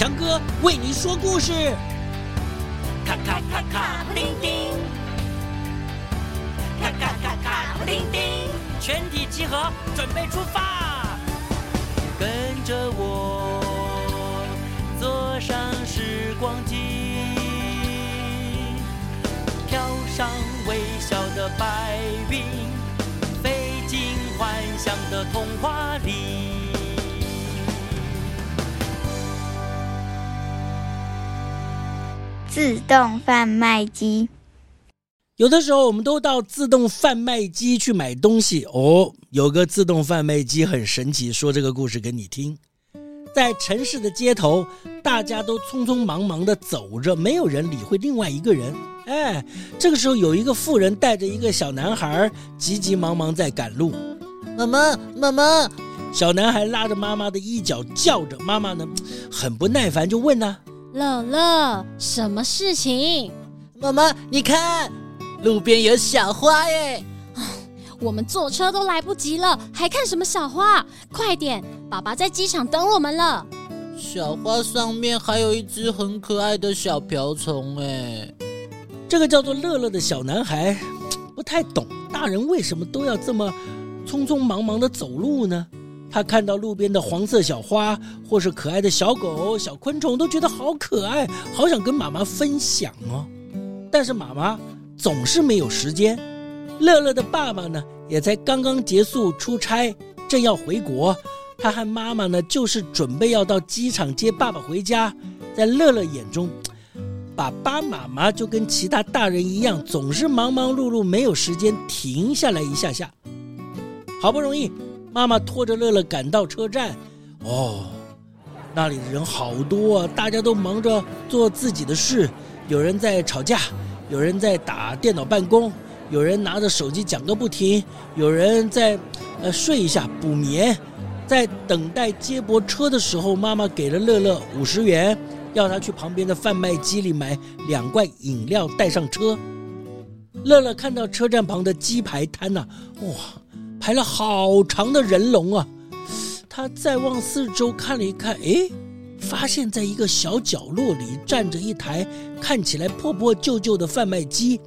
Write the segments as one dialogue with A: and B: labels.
A: 強哥為你說故事，咔咔咔咔，叮叮，咔咔咔咔，叮叮。全體集合，準備出發。跟着我，坐上時光機，飄上微笑的白雲。自動販賣機，有的時候我們都到自動販賣機去買東西哦。有個自動販賣機很神奇，說這個故事給你聽。在城市的街頭，大家都匆匆忙忙地走着，沒有人理會另外一個人。哎，這個時候有一個婦人帶着一個小男孩急急忙忙在趕路，媽媽，媽媽，小男孩拉着媽媽的衣角叫着，媽媽呢很不耐煩就問呢、啊。樂樂，什麼事情？媽媽，你看，路邊有小花耶！ 我們坐車都來不及了，還看什麼小花？快點，爸爸在機場等我們了。小花上面還有一隻很可愛的小瓢蟲耶！這個叫做樂樂的小男孩，不太懂，大人為什麼都要這麼匆匆忙忙的走路呢？他看到路邊的黃色小花，或是可愛的小狗、小昆蟲，都覺得好可愛，好想跟媽媽分享哦。但是媽媽總是沒有時間。樂樂的爸爸呢，也才剛剛結束出差，正要回國。他和媽媽呢，就是準備要到機場接爸爸回家。在樂樂眼中，爸爸、媽媽就跟其他大人一樣，總是忙忙碌碌，沒有時間停下來一下下。好不容易。媽媽拖着樂樂趕到車站，哦，那裡的人好多啊！大家都忙着做自己的事，有人在吵架，有人在打電腦辦公，有人拿着手機講個不停，有人在呃睡一下補眠。在等待接駁車的時候，媽媽給了樂樂五十元，要他去旁邊的販賣機裡買兩罐飲料帶上車。樂樂看到車站旁的雞排攤呢、啊，哇、哦！排了好長的人龍啊！他再往四周看了一看，哎，發現在一個小角落裡站着一台看起來破破舊舊的販賣機，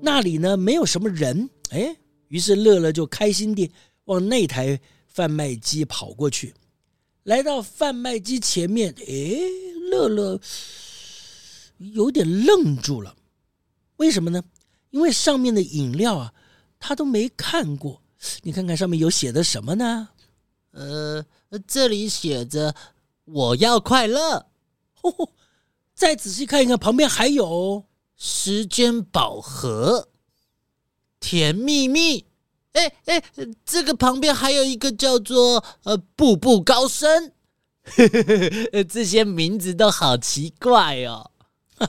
A: 那裡呢，沒有什麼人。哎，於是樂樂就開心地往那台販賣機跑過去。來到販賣機前面，哎，樂樂有點愣住了，為什麼呢？因為上面的飲料啊，他都沒看過。你看看上面有寫的什麼呢？呃，這裡寫着我要快樂。哦，再仔細看一看，旁邊還有時間寶盒、甜蜜蜜。哎哎，這個旁邊還有一個叫做呃，步步高升。 這些名字都好奇怪哦。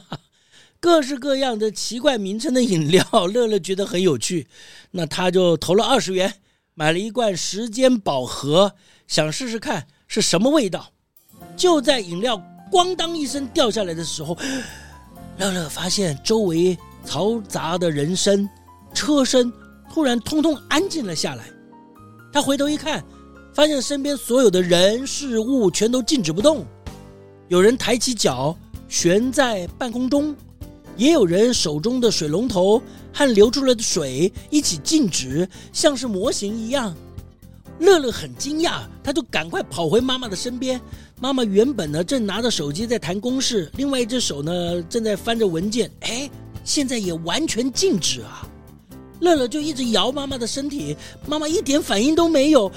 A: 各式各樣的奇怪名稱的飲料，樂樂覺得很有趣，那他就投了二十元，買了一罐“時間寶盒”，想試試看是什麼味道。就在飲料“咣當”一聲掉下來的時候，樂樂發現周圍嘈雜的人聲、車聲突然通通安靜了下來。他回頭一看，發現身邊所有的人、事物全都靜止不動，有人抬起腳懸在半空中。也有人手中的水龍頭和流出來的水一起靜止，像是模型一樣。樂樂很驚訝，他就趕快跑回媽媽的身邊。媽媽原本呢正拿着手機在談公事，另外一只手呢正在翻着文件。哎，現在也完全靜止啊。樂樂就一直搖媽媽的身體，媽媽一點反應都沒有。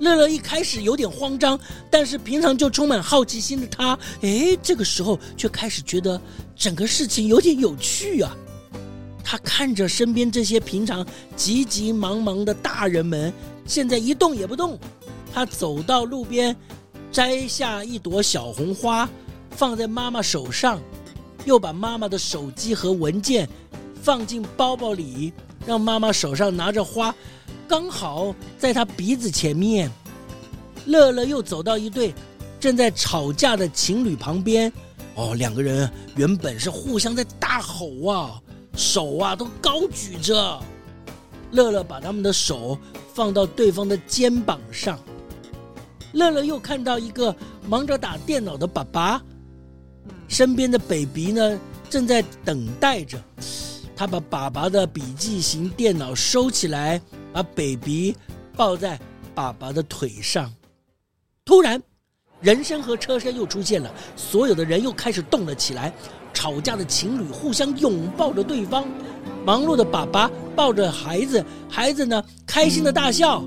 A: 樂樂一開始有點慌張，但是平常就充滿好奇心的他，哎，這個時候卻開始覺得整個事情有點有趣啊。他看着身邊這些平常急急忙忙的大人們，現在一動也不動。他走到路邊，摘下一朵小紅花，放在媽媽手上，又把媽媽的手機和文件放進包包裡。讓媽媽手上拿着花，剛好在她鼻子前面。樂樂又走到一對正在吵架的情侶旁邊，哦，兩個人原本是互相在大吼啊，手啊都高舉着。樂樂把他們的手放到對方的肩膀上。樂樂又看到一個忙着打電腦的爸爸，身邊的 baby 呢，正在等待着。他把爸爸的筆記型電腦收起來，把 baby 抱在爸爸的腿上。突然，人聲和車聲又出現了，所有的人又開始動了起來。吵架的情侶互相擁抱着對方，忙碌的爸爸抱着孩子，孩子呢開心的大笑。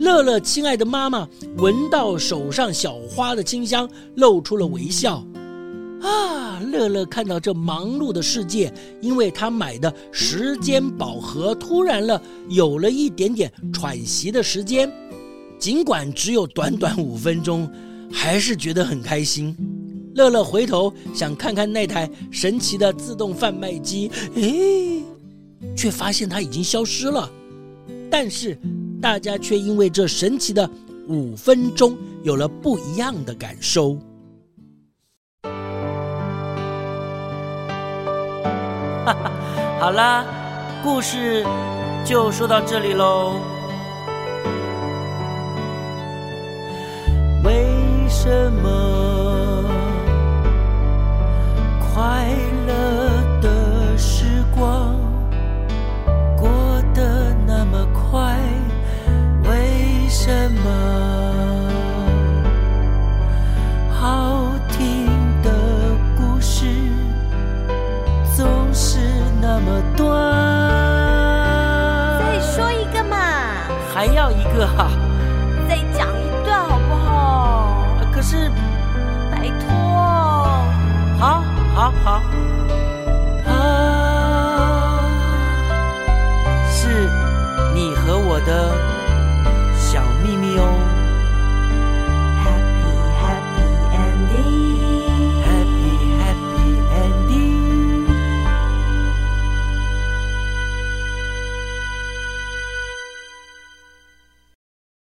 A: 樂樂親愛的媽媽聞到手上小花的清香，露出了微笑。啊！樂樂看到這忙碌的世界，因為他買的時間寶盒，突然了有了一點點喘息的時間，儘管只有短短五分鐘，還是覺得很開心。樂樂回頭想看看那台神奇的自動販賣機，哎，却發現它已經消失了。但是，大家卻因為這神奇的五分鐘，有了不一樣的感受。哈哈， 好啦，故事就說到這裡嘍。啊，他是你和我的。